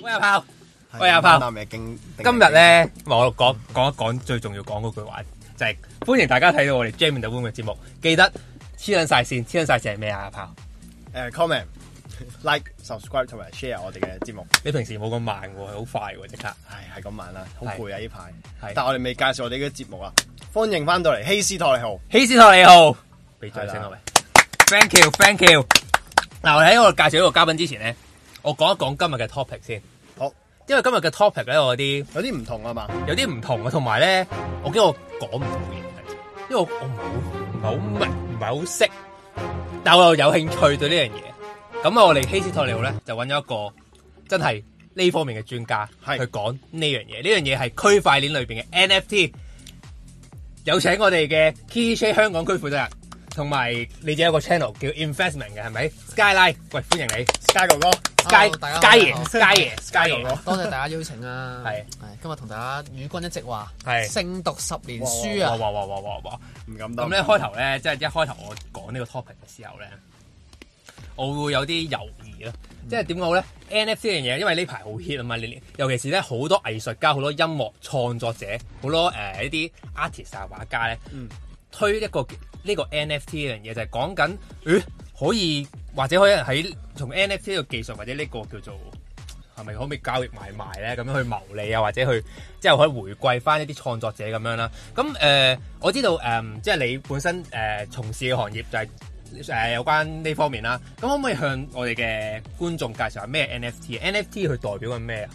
喂阿炮，喂，喂阿炮，今日咧、嗯、我講講一講最重要講嗰句話，就係、是、歡迎大家睇到我哋《Jam in The Room》嘅節目。記得黐緊晒線，黐緊晒線係咩啊？阿炮，誒、uh，comment、like、subscribe 同埋 share 我哋嘅節目。你平時冇咁慢，好快喎，即刻係係咁慢啦，好攰啊！呢排，但係我哋未介紹我哋嘅節目啊。歡迎翻到嚟，希斯托利號，希斯托利號，俾掌聲落嚟。Thank you，Thank you。嗱我喺我介紹呢個嘉賓之前咧，我講一講今日嘅 topic 先。好，因為今日嘅 topic 咧，我啲有啲唔同啊嘛，有啲唔同啊，同埋咧，我驚我講唔到嘢，因為我我唔係好明唔係好識，但我又有興趣對呢樣嘢。咁我哋希斯托利號咧，就揾咗一個真係呢方面嘅專家，係去講呢樣嘢。呢樣嘢係區塊鏈裏邊嘅 NFT。有請我哋嘅 Kikitrade 香港區負責人，同埋你哋有一個 channel 叫 InvestMan 嘅係咪？Skyline 喂，歡迎你，Sky 哥哥，Sky 大家，Sky 爺耶，Sky hello, 哥，哥，哥哥多謝大家邀請啊！係 是，係，今日同大家與君一席話，係是，勝讀十年書啊！哇哇哇哇哇哇！唔敢當。咁咧開頭咧，即係一開頭我講呢個 topic 嘅時候咧。我會有啲猶豫咯，即係點講好咧？NFT 呢樣嘢，因為呢排好 hit 啊嘛，尤其是咧好多藝術家、好多音樂創作者、好多誒一啲 artist 啊畫家咧，嗯、推一、這個呢、這個 NFT 呢樣嘢就係講緊，咦可以或者可以喺從 NFT 嘅技術或者呢個叫做係咪可唔可以交易買賣咧？咁樣去謀利啊，或者去即係可以回饋翻一啲創作者咁樣啦。咁、嗯、誒、呃，我知道誒、呃，即係你本身誒從、呃、事嘅行業就係、是。誒有關呢方面啦，咁可唔可以向我哋嘅觀眾介紹下咩 NFT？NFT 佢代表緊咩啊？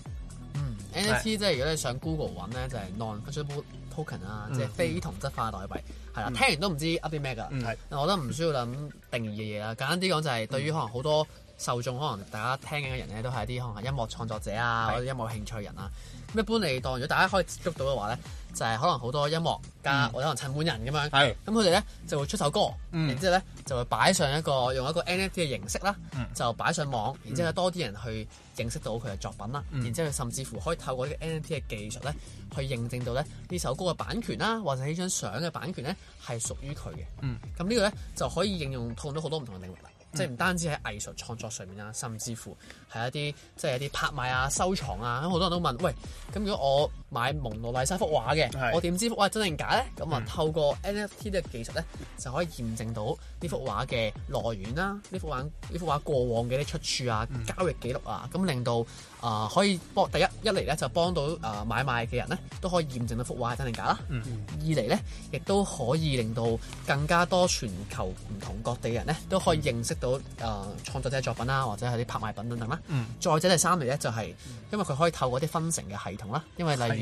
嗯是，NFT 即係如果你上 Google 揾咧，就係、是、Non-Fungible Token 啊，即係、嗯、非同質化代幣。係啦、嗯，聽完都唔知 up 啲咩㗎。係、嗯，我覺得唔需要諗定義嘅嘢啦。簡單啲講就係，對於可能好多受眾，可能大家聽緊嘅人咧，都係一啲可能係音樂創作者啊，是或者音樂興趣人啊。一般嚟當，如果大家可以接觸到嘅話咧，就係、是、可能好多音樂家，嗯、或者可能陳冠人咁樣，咁佢哋咧就會出首歌，嗯、然之後咧就會擺上一個用一個 NFT 嘅形式啦，嗯、就擺上網，然之後多啲人去認識到佢嘅作品啦，嗯、然之後甚至乎可以透過呢個 NFT 嘅技術咧，去認證到咧呢首歌嘅版權啦，或者呢張相嘅版權咧係屬於佢嘅。咁呢、嗯、個咧就可以應用，套用到好多唔同嘅領域啦。嗯、即係唔單止喺藝術創作上面啦，甚至乎係一啲，即係一啲拍賣啊、收藏啊，咁好多人都問：喂，咁如果我買蒙羅麗莎幅畫嘅，是我點知幅畫真定假咧？咁啊，透過 NFT 嘅技術咧，就可以驗證到呢幅畫嘅來源啦，呢幅畫呢幅畫過往嘅啲出處啊、嗯、交易記錄啊，咁令到啊、呃、可以幫第一一嚟咧就幫到啊、呃、買賣嘅人咧都可以驗證到幅畫係真定假啦。嗯、二嚟咧，亦都可以令到更加多全球唔同各地嘅人咧都可以認識到啊創作者作品啦，或者係啲拍賣品等等啦。嗯、再者第三嚟咧、就是，就係因為佢可以透過啲分成嘅系統啦，因為例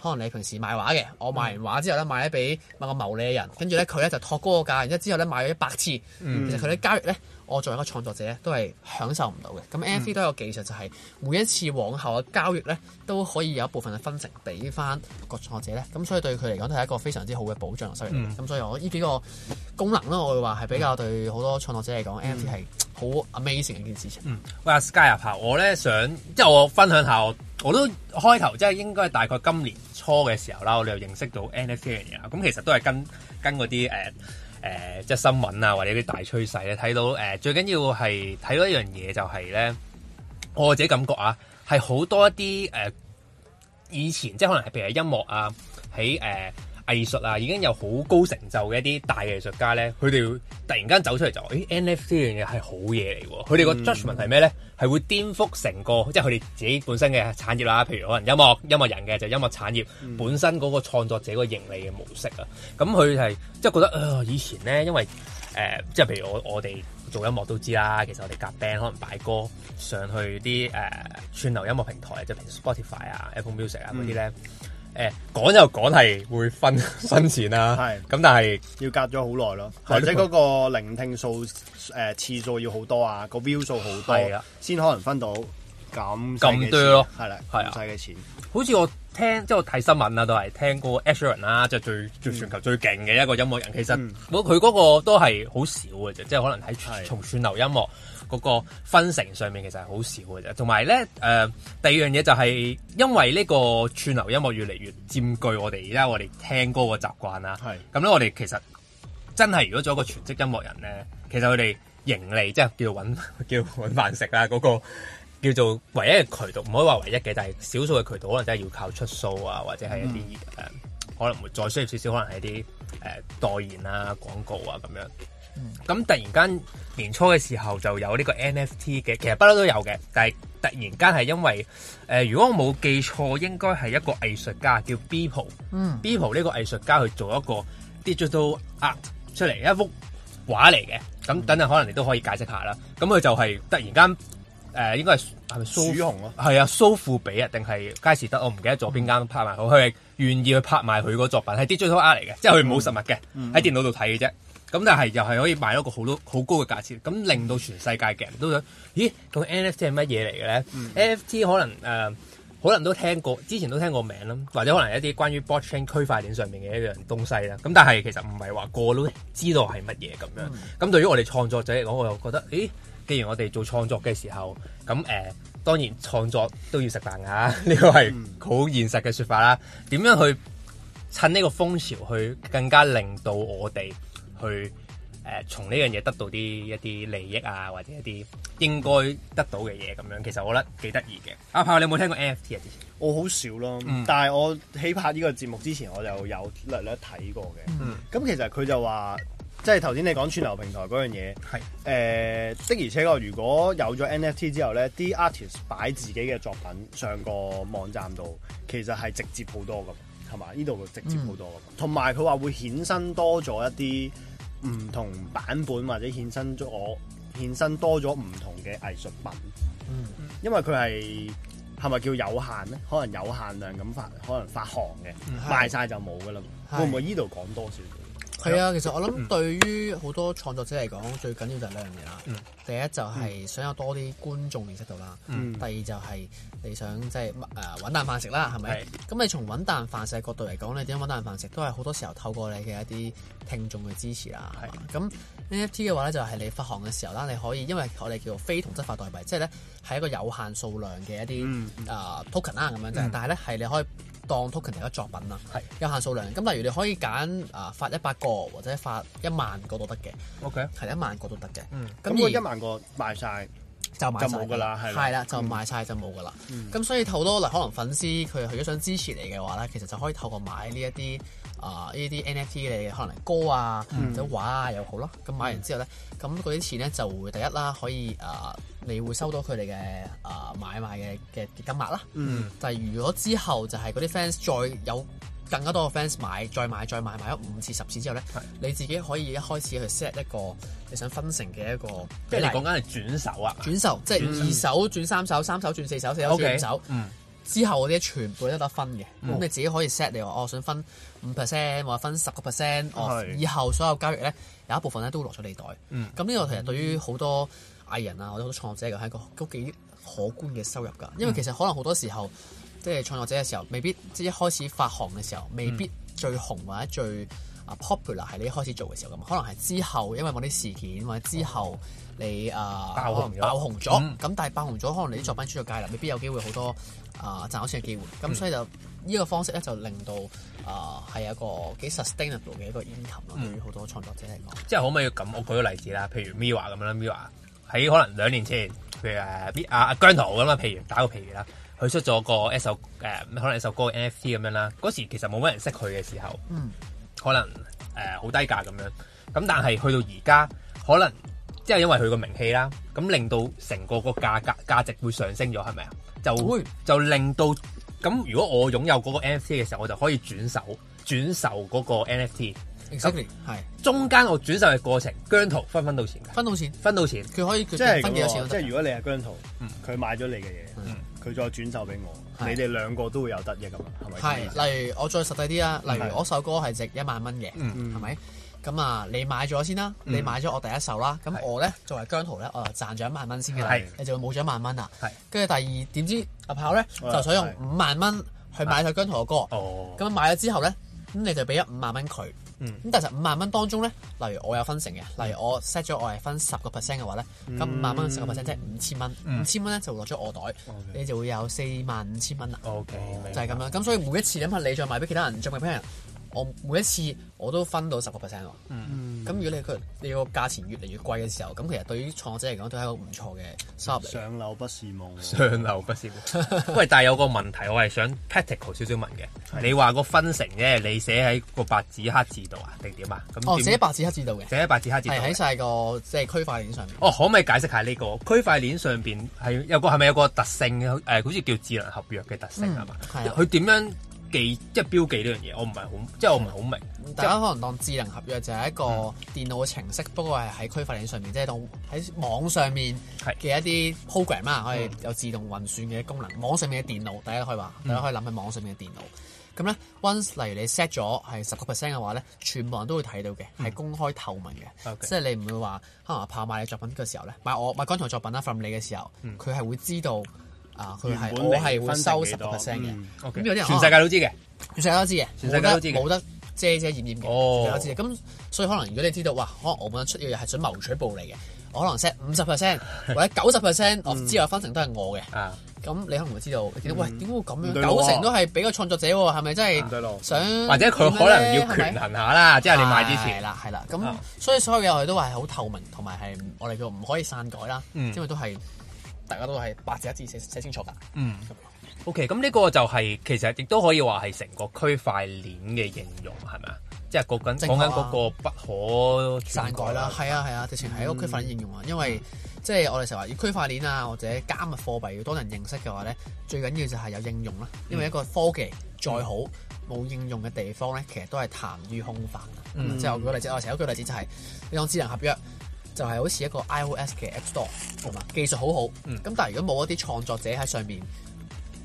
可能你平時賣畫嘅，我賣完畫之後咧賣咗俾某個牟利嘅人，跟住咧佢咧就托高個價，然之後咧賣咗一百次。嗯、其實佢啲交易咧，我作為一個創作者呢都係享受唔到嘅。咁 NFT 都有個技術就係、是、每一次往後嘅交易咧，都可以有一部分嘅分成俾翻個創作者咧。咁所以對佢嚟講都係一個非常之好嘅保障嚟嘅。咁、嗯、所以我呢幾個功能咧，我會話係比較對好多創作者嚟講，NFT 係好 Amazing 嘅一件事情。喂、啊、Sky 入下，我咧想即係我分享下我都開頭即係應該係大概今年初嘅時候啦，我哋又認識到 NFT 呢樣嘢。咁其實都係跟跟嗰啲誒即係新聞啊，或者啲大趨勢咧睇到、呃、最緊要係睇到一樣嘢就係、係、咧，我自己感覺啊，係好多一啲誒、呃、以前即係可能係譬如係音樂啊，喺誒。呃藝術啊，已經有好高成就嘅一啲大嘅藝術家咧，佢哋突然間走出嚟就話，誒 NFT 呢樣嘢係好嘢嚟喎！佢哋個 judgment 係咩咧？係會顛覆成個，即係佢哋自己本身嘅產業啦、啊。譬如可能音樂音樂人嘅就音樂產業、嗯、本身嗰個創作者個盈利嘅模式啊。咁佢係即係覺得，誒、呃、以前咧，因為即係、呃、譬如我我哋做音樂都知啦。其實我哋夾 band 可能擺歌上去啲誒、呃、串流音樂平台，即譬如 Spotify 啊、Apple Music 啊嗰啲咧。誒，講又講係會分分錢啦，係咁、啊、但係要隔咗好耐咯，或者嗰個聆聽數誒、呃、次數要好多啊，個 view 數好多，係先可能分到咁咁多咯，係啦，咁細嘅錢。錢好似我聽即係我睇新聞啊都係聽過 Adele 啦，即係、就是、最最全球最勁嘅一個音樂人。嗯、其實我佢嗰個都係好少嘅啫，即係可能喺從串流音樂。嗰個分成上面其實係好少嘅啫，同埋咧誒，第二樣嘢就係因為呢個串流音樂越嚟越佔據我哋而家我哋聽歌嘅習慣啦。係是。咁咧，我哋其實真係如果做一個全職音樂人咧，其實佢哋盈利即係叫搵叫搵飯食啊，嗰、那個叫做唯一嘅渠道，唔可以話唯一嘅，但係少數嘅渠道可能真係要靠出數啊，或者係一啲誒、嗯呃，可能會再需要少少，可能係一啲誒、呃、代言啊、廣告啊咁樣。咁突然間年初嘅時候就有呢個 NFT 嘅，其實不嬲都有嘅，但係突然間係因為，誒、呃、如果我冇記錯，應該係一個藝術家叫 Beeple，Beeple 呢個藝術家去做一個 digital art 出嚟一幅畫嚟嘅，咁等陣可能你都可以解釋下啦。咁佢就係突然間，誒、呃、應該係係咪蘇紅咯？係啊，蘇、啊 so、富比啊定係佳士得，我唔記得咗邊間拍賣行，佢願意去拍賣佢個作品，係 digital art 嚟嘅，即係佢冇實物嘅，喺、嗯、電腦度睇嘅啫。咁但係又係可以賣一個好多好高嘅價錢，咁令到全世界嘅人都想，咦個 NFT 係乜嘢嚟嘅咧？NFT 可能誒、呃，可能都聽過，之前都聽過名啦，或者可能一啲關於 blockchain 區塊鏈上面嘅一樣東西啦。咁但係其實唔係話個個知道係乜嘢咁樣。咁、mm hmm. 對於我哋創作者嚟講，我又覺得，咦，既然我哋做創作嘅時候，咁誒、呃、當然創作都要食飯呀。呢、這個係好現實嘅說法啦。點、mm hmm. 樣去趁呢個風潮去更加令到我哋？去誒，從呢樣嘢得到啲一啲利益啊，或者一啲應該得到嘅嘢咁樣，其實我覺得幾得意嘅。阿、啊、炮，啊啊、你有冇聽過 NFT 啊？之前我好少咯，嗯、但係我喺拍呢個節目之前我就有略略睇過嘅。咁、嗯嗯、其實佢就話，即係頭先你講串流平台嗰樣嘢，係誒是、呃、的而且確，如果有咗 NFT 之後咧，啲 artist 擺自己嘅作品上個網站度，其實係直接好多嘅。係嘛？呢度直接好多，同埋佢話會衍生多咗一啲唔同版本，或者衍生咗，我衍生多咗唔同嘅藝術品。嗯，因為佢係係咪叫有限咧？可能有限量咁發，可能發行嘅，嗯、賣晒就冇噶啦。是 會唔會呢度講多少？係啊，其實我諗對於好多創作者嚟講，嗯、最緊要就係兩樣嘢啦。嗯、第一就係想有多啲觀眾認識到啦。嗯、第二就係你想即係誒揾啖飯食啦，係咪？咁是你從揾啖飯食嘅角度嚟講，你點樣揾啖飯食都係好多時候透過你嘅一啲聽眾嘅支持啊。係咁 NFT 嘅話咧，就係、是、你發行嘅時候啦，你可以因為我哋叫做非同質化代幣，即係咧係一個有限數量嘅一啲啊 token 啊，咁、嗯呃、樣啫。嗯、但係咧係你可以。當 token 第一作品啦，係有限數量。咁例如你可以揀啊、呃、發一百個或者發一萬個都得嘅。OK，係一萬個都得嘅。嗯，咁如果一萬個賣晒。就買了就冇噶啦，係啦，就賣晒就冇噶啦。咁、嗯、所以好多嗱，可能粉絲佢如果想支持你嘅話咧，其實就可以透過買呢一啲啊呢啲 NFT 嚟，可能歌啊，或者、嗯、畫啊又好咯。咁買完之後咧，咁嗰啲錢咧就會第一啦，可以啊、呃，你會收到佢哋嘅啊買賣嘅嘅金額啦。嗯，但係如果之後就係嗰啲 fans 再有。更加多嘅 fans 買，再買，再買，買咗五次十次之後咧，的你自己可以一開始去 set 一個你想分成嘅一個，即係你講緊係轉手啊？轉手，即係二手轉三手，三手、嗯、轉四手，四手轉五手，手之後嗰啲全部都得分嘅。咁、嗯、你自己可以 set 你話，我想分五 percent，或者分十個 percent，以後所有交易咧有一部分咧都會落咗你袋。咁呢、嗯、個其實對於好多藝人啊，或者好多創作者嘅係一個都幾可觀嘅收入㗎。因為其實可能好多時候。嗯即係創作者嘅時候，未必即係一開始發行嘅時候，未必最紅或者最啊 popular 係你開始做嘅時候咁，嗯、可能係之後因為某啲事件，或者之後你啊、呃、爆紅爆紅咗，咁、嗯、但係爆紅咗，可能你啲作品出咗街啦，未必有機會好多啊賺錢嘅機會。咁、呃、所以就呢、嗯、個方式咧，就令到啊係、呃、一個幾 sustainable 嘅一個 income 咯，對於好多創作者嚟講。即係可唔可以咁？我舉個例子啦，譬如 MIRROR 咁啦，MIRROR 喺可能兩年前，譬如誒啊，阿，啊姜濤咁啊，譬如打個譬如啦。佢出咗個一首誒，可能一首歌 NFT 咁樣啦。嗰時其實冇乜人識佢嘅時候，嗯、可能誒好、呃、低價咁樣。咁但係去到而家，可能即係因為佢個名氣啦，咁令到成個個價格價,價值會上升咗，係咪啊？就會就令到咁。如果我擁有嗰個 NFT 嘅時候，我就可以轉手轉售嗰個 NFT。係中間我轉售嘅過程姜濤分分到錢，分到錢，分到錢佢可以,分幾多錢可以即係個，即係如果你係姜濤佢買咗你嘅嘢。嗯佢再轉售俾我，是你哋兩個都會有得益㗎嘛？係咪是？係，例如我再實際啲啦，例如我首歌係值一萬蚊嘅，係咪、mm？咁、hmm. 啊，你買咗先啦，mm hmm. 你買咗我第一首啦，咁我咧、mm hmm. 作為姜濤咧，我就賺咗一萬蚊先嘅啦，是你就冇咗一萬蚊啦，跟住是第二點知阿炮咧就想用五萬蚊去買佢姜濤嘅歌，咁、mm hmm. 買咗之後咧，咁你就俾咗五萬蚊佢。咁、嗯、但其實五萬蚊當中咧，例如我有分成嘅，例如我 set 咗我係分十個 percent 嘅話咧，咁五、嗯、萬蚊十個 percent 即係五千蚊，五、嗯、千蚊咧就落咗我袋，嗯、okay, 你就會有四萬五千蚊啦。OK，就係咁啦。咁 okay, 所以每一次咁樣，你再賣俾其他人，再賣俾人。我每一次我都分到十個 percent 喎。嗯，咁如果你佢你個價錢越嚟越貴嘅時候，咁其實對於創作者嚟講都係一個唔錯嘅收入嚟。上樓不是夢。上樓不是夢。喂， 但係有個問題，我係想 practical 少少問嘅。嗯、你話個分成咧，你寫喺個白紙黑字度啊，定點啊？哦，寫喺白紙黑字度嘅。寫喺白紙黑字度。係喺曬個即係、就是、區塊鏈上面。哦，可唔可以解釋下呢、這個區塊鏈上邊係有個係咪有個特性嘅、呃？好似叫智能合約嘅特性係嘛？係啊、嗯。佢點樣？即係標記呢樣嘢，我唔係好，即係我唔係好明。嗯、即大家可能當智能合約就係、是、一個電腦嘅程式，不過係喺區塊鏈上面，即係當喺網上面嘅一啲 program 啊、嗯，可以有自動運算嘅功能。網上面嘅電腦，大家可以話，大家可以諗下網上面嘅電腦。咁咧、嗯，Once 例如你 set 咗係十個 percent 嘅話咧，全部人都會睇到嘅，係、嗯、公開透明嘅，okay 即係你唔會話可能怕買你作品嘅時候咧，買我買剛才作品啦 from 你嘅時候，佢係會知道。啊！佢係本，係會收十個 percent 嘅。咁有啲可能全世界都知嘅，全世界都知嘅，全世界都知嘅，冇得遮遮掩掩嘅，全都知嘅。咁所以可能如果你知道，哇！可能我本身出嘅又係想謀取暴利嘅，我可能 set 五十 percent 或者九十 percent，我之後分成都係我嘅。咁你可能會知道。喂，點會咁樣？九成都係俾個創作者喎，係咪真係想？或者佢可能要權衡下啦，即係你買之前。係啦，係啦。咁所以所有嘢我哋都話係好透明，同埋係我哋叫唔可以篡改啦，因為都係。大家都係八字一字寫寫清楚㗎。嗯。OK，咁呢個就係、是、其實亦都可以話係成個區塊鏈嘅應用，係咪、就是、啊？即係講緊講緊嗰個不可篡改啦。係啊係啊，直情係一個區塊鏈應用啊。嗯、因為即係、就是、我哋成日話要區塊鏈啊，或者加密貨幣要多人認識嘅話咧，最緊要就係有應用啦。因為一個科技再好冇、嗯、應用嘅地方咧，其實都係談於空泛。嗯。嗯即係我舉例子，我成日講個例子就係、是、呢種智能合約。就係好似一個 iOS 嘅 App Store 同埋吧技術好好，咁、嗯、但係如果冇一啲創作者喺上面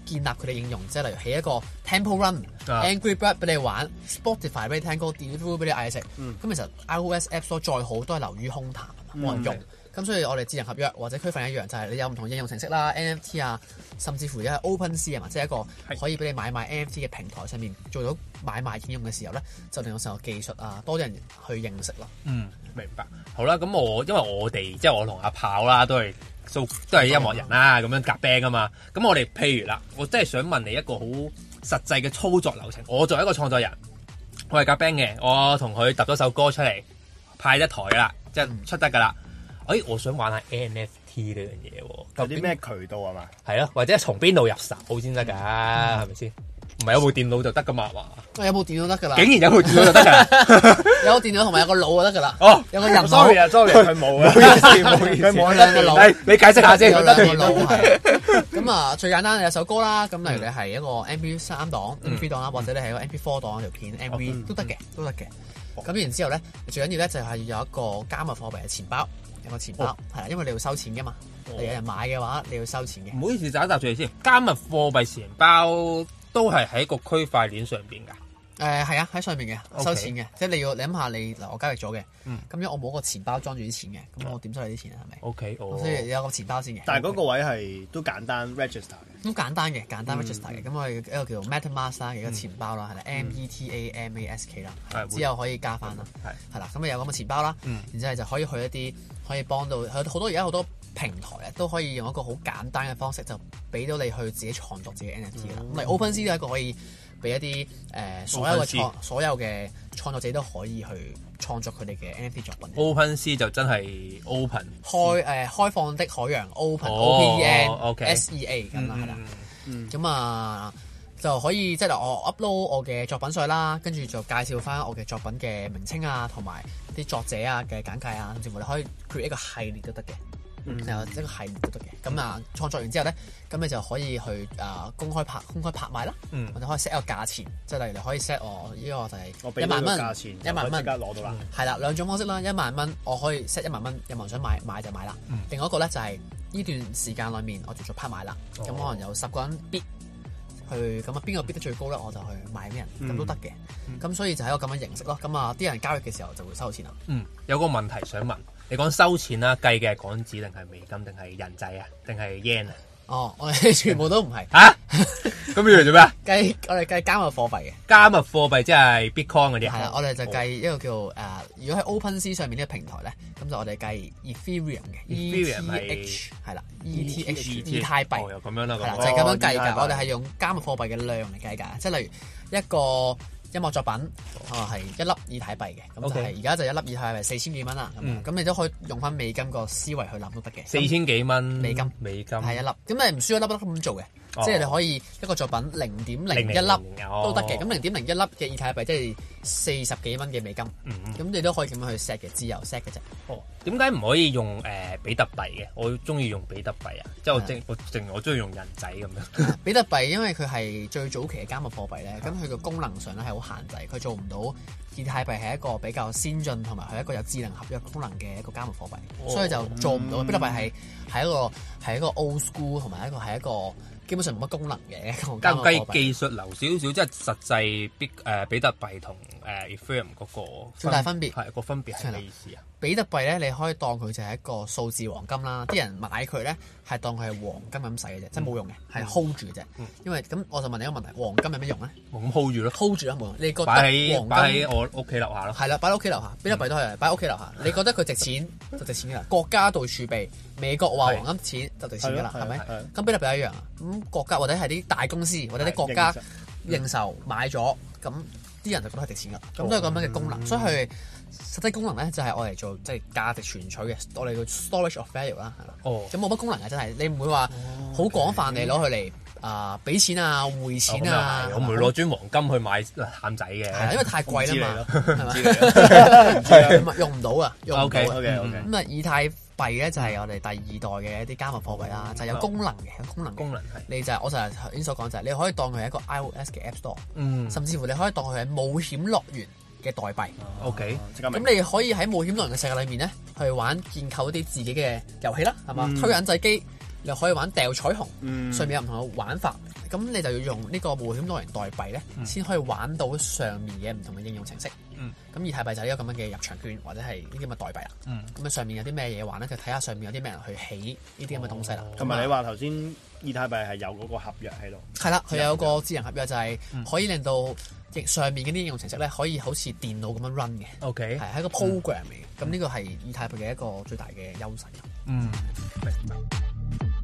建立佢哋應用，即係例如起一個 Temple Run、啊、Angry Bird 俾你玩、Spotify 俾你聽歌、Doodle 俾、嗯、你嗌食，咁其實 iOS App Store 再好都係流於空談冇、嗯、人用。咁所以，我哋智能合約或者區分一樣，就係你有唔同應用程式啦，NFT 啊，甚至乎而家 OpenSea 啊，即係一個可以俾你買賣 NFT 嘅平台上面做到買賣應用嘅時候咧，就令我成個技術啊多啲人去認識咯。嗯，明白。好啦，咁我因為我哋即係我同阿炮啦，都係都都係音樂人啦，咁、嗯、樣夾 band 啊嘛。咁我哋譬如啦，我真係想問你一個好實際嘅操作流程。我作為一個創作人，我係夾 band 嘅，我同佢揼咗首歌出嚟，派一台啦，即係出得噶啦。嗯哎，我想玩下 NFT 呢樣嘢喎，究竟咩渠道係嘛？係咯，或者從邊度入手先得噶？係咪先？唔係有部電腦就得噶嘛？哇！有部電腦得噶啦，竟然有部電腦就得噶啦？有部電腦同埋有個腦就得噶啦。哦，有個人。sorry 啊，sorry，佢冇啊，冇意思，冇意思。你解釋下先，有兩個腦係咁啊。最簡單有首歌啦。咁例如你係一個 M P 三檔、M P 檔啦，或者你係一個 M P four 檔條片 M V 都得嘅，都得嘅。咁然之後咧，最緊要咧就係要有一個加密貨幣嘅錢包。有個錢包係啊，因為你要收錢噶嘛，你有人買嘅話，你要收錢嘅。唔好意思，等一陣住先。加密貨幣錢包都係喺個區塊鏈上邊噶。誒係啊，喺上面嘅，收錢嘅，即係你要你諗下，你嗱我交易咗嘅，咁樣我冇個錢包裝住啲錢嘅，咁我點收你啲錢啊？係咪？O K，我所以有個錢包先嘅。但係嗰個位係都簡單 register 嘅。咁簡單嘅，簡單 register 嘅，咁我係一個叫做 MetaMask 嘅一個錢包啦，係啦，M E T A M A S K 啦，之後可以加翻啦，係啦，咁啊有咁嘅錢包啦，然之後就可以去一啲。可以幫到好多，而家好多平台咧都可以用一個好簡單嘅方式就俾到你去自己創作自己 NFT 啦。咁 OpenSea 係一個可以俾一啲、呃、OpenSea。所有嘅創所有嘅創作者都可以去創作佢哋嘅 NFT 作品。OpenSea 就真係 open，C，開，呃，開放的海洋，Open Open Sea 咁啦，係啦，咁啊。就可以即係我 upload 我嘅作品上啦，跟住就介紹翻我嘅作品嘅名稱啊，同埋啲作者啊嘅簡介啊，甚至乎你可以 create 一個系列都得嘅，即一個系列都得嘅。咁啊，創作完之後咧，咁你就可以去啊公開拍公開拍賣啦，我就可以 set 一個價錢，即係例如你可以 set 我呢個我畀你一萬蚊，一萬蚊，即刻攞到啦。係啦，兩種方式啦，一萬蚊，我可以 set 一萬蚊，有冇人想買買就買啦。另外一個咧就係呢段時間裏面我做咗拍賣啦，咁可能有十個人 bid 去咁啊，邊個逼得最高咧，我就去買咩人咁、嗯、都得嘅。咁、嗯、所以就係一個咁樣形式咯。咁啊，啲人交易嘅時候就會收錢啦。嗯，有個問題想問，你講收錢啦，計嘅港紙定係美金定係人仔啊，定係 yen 啊？嗯哦，我哋全部都唔係嚇，咁你嚟做咩啊，計，我哋計加密貨幣嘅，加密貨幣即係 Bitcoin 嗰啲啊。係啊，我哋就計一個叫誒，如果喺 OpenSea 上面呢個平台咧，咁就我哋計 Ethereum 嘅。Ethereum 係啦，ETH 以太幣。又咁樣啦，就咁樣計噶。我哋係用加密貨幣嘅量嚟計噶，即係例如一個。音樂作品哦係一粒以太幣嘅，咁 Okay. 就係而家就一粒以太幣四千幾蚊啦，咁你可都可以用翻美金個思維去諗都得嘅，四千幾蚊美金，美金係一粒。咁你唔需要一粒粒咁做嘅，哦、即係你可以一個作品零點零一粒都得嘅，咁零點零一粒嘅以太幣即係四十幾蚊嘅美金，咁、嗯、你都可以咁樣去 set 嘅自由 set 嘅啫。哦，點解唔可以用誒？呃比特幣嘅，我中意用比特幣啊，即係我淨、嗯、我淨我中意用人仔咁樣。 比特幣因為佢係最早期嘅加密貨幣咧，咁佢個功能上咧係好限制，佢做唔到。以太幣係一個比較先進同埋係一個有智能合約功能嘅一個加密貨幣，所以就做唔到。哦嗯、比特幣係係一個係一個 old school 同埋一個係一個基本上冇乜功能嘅加密貨幣。咁計技術流少少，即係實際比、呃、比特幣同 Ethereum 嗰個最大分別係、嗰個分別係咩意思啊？比特幣咧，你可以當佢就係一個數字黃金啦。啲人買佢咧，係當佢係黃金咁使嘅啫，即係冇用嘅，係 hold 住嘅啫。因為咁，我就問你一個問題：黃金有咩用咧？冇咁 hold 住咯，hold 住咯冇用。你覺得擺喺我屋企樓下咯？係啦，擺喺屋企樓下，比特幣都係擺喺屋企樓下。你覺得佢值錢就值錢㗎啦。國家度儲備，美國話黃金錢就值錢㗎啦，係咪？咁比特幣一樣啊。咁國家或者係啲大公司或者啲國家認受買咗，咁啲人就覺得係值錢㗎。咁都係咁樣嘅功能，所以佢。實際功能咧就係我嚟做，即係價值存取嘅，我哋叫 storage of value 啦，係嘛。哦。咁冇乜功能嘅真係，你唔會話好廣泛地攞佢嚟啊俾錢啊匯錢啊。我唔會攞磚黃金去買咸仔嘅，係因為太貴啦嘛，係咪？唔知你咯，用唔到啊，用唔到。O K O K O K。咁啊，以太幣咧就係我哋第二代嘅一啲加密貨幣啦，就係有功能嘅，有功能功能你就係我就頭先所講就係，你可以當佢係一個 I O S 嘅 App Store，甚至乎你可以當佢係冒險樂園。嘅代幣，OK，咁你可以喺冒險樂園嘅世界裏面咧，去玩建構一啲自己嘅遊戲啦，係嘛，嗯？推銀仔機。你可以玩掉彩虹，上面有唔同嘅玩法，咁、嗯、你就要用呢個冒險樂園代幣咧，先、嗯、可以玩到上面嘅唔同嘅應用程式。咁以太幣就係呢個咁樣嘅入場券，或者係呢啲咁嘅代幣啦。咁、嗯、上面有啲咩嘢玩咧？就睇下上面有啲咩人去起呢啲咁嘅東西啦。同埋、哦哦、嘛你話頭先，以太幣係有嗰個合約喺度。係啦，佢有個智能合約，就係、是、可以令到上面嗰啲應用程式咧，可以好似電腦咁樣 run 嘅。O K，係一個 program 嚟嘅。咁呢、嗯、個係以太幣嘅一個最大嘅優勢。嗯，明。